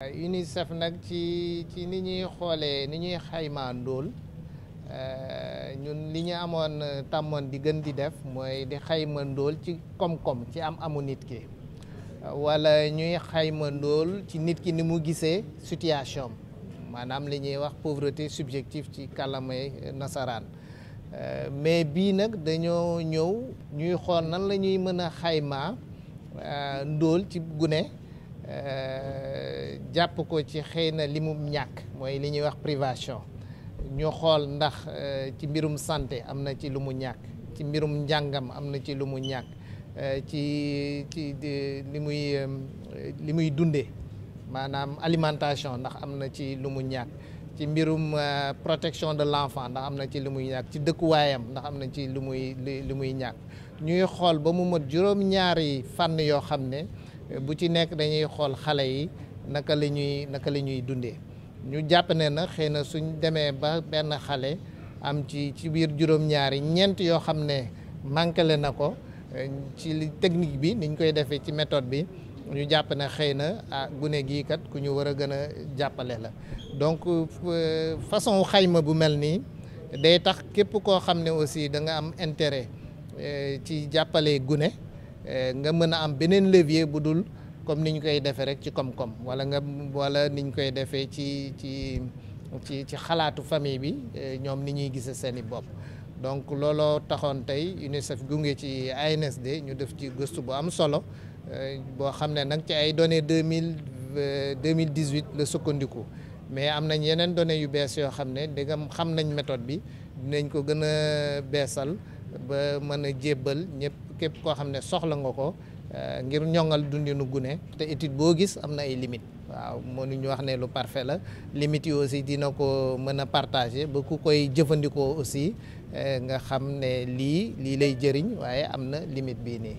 UNICEF nag ci ci ni ñuy xoolee ni ñuy xaymaa ndóol euh, li ñu amoon tàmmoon di gën di def mooy di xayma ndóol ci koom-koom ci am amu nit ki wala ñuy xayma ndóol ci nit ki ni mu gisee situation maanaam li ñuy wax pauvreté subjective ci kàllamay nasaraan euh, mais bii nag dañoo ñëw ñuy xool nan la ñuy mën a xaymaa euh, ndóol ci gune Euh, jàpp ko ci xëy na li mu ñàkk mooy li ñuy wax privation ñu xool ndax euh, ci mbirum santé am na ci lu mu ñàkk ci mbirum njàngam am na ci lu mu ñàkk euh, ci ci li muy li muy dundee maanaam alimentation ndax am na ci lu mu ñàkk ci mbirum protection de l'enfant ndax am na ci lu muy ñàkk ci dëkkuwaayam ndax am na ci lu muy lu muy ñàkk ñuy xool ba mu mot juróom-ñaari fànn yoo xam ne bu ci nekk dañuy xool xale yi naka la ñuy naka la ñuy dundee ñu jàpp ne na xëy na suñ demee ba benn xale am ci ci biir juróom-ñaari ñeent yoo xam ne manqué na ko ci technique bi niñ koy defee ci méthode bi ñu jàpp ne xëy na ah gune gii kat ku ñu war a gën a jàppale la donc euh, façon xayma bu mel nii day tax képp koo xam ne aussi da nga am intérêt euh, ci jàppale gune Eh, nga mën a am beneen levier bu dul comme ni ñu koy defee rek ci koom-koom wala nga wala ni ñu koy defee ci ci ci ci xalaatu famille bi eh, ñoom ni ñuy gisee seen i bopp. donc looloo taxoon tey UNICEF gunge ci ANSD ñu def ci gëstu bu am solo eh, boo xam ne nag ci ay données deux mille euh, deux mille dix huit la sukkandiku mais am nañ yeneen données yu bees yoo xam ne dégam xam nañ méthode bi dinañ ko gën a beesal. ba mën a jébbal ñëpp képp koo xam ne soxla nga ko euh, ngir ñoŋal dundinu gune te étude boo gis am na ay limites waaw mënuñu wax ne lu parfait la limites yi aussi dina ko mën a partager ba ku koy jëfandikoo aussi euh, nga xam ne lii lii lay jëriñ waaye am na limite bii nii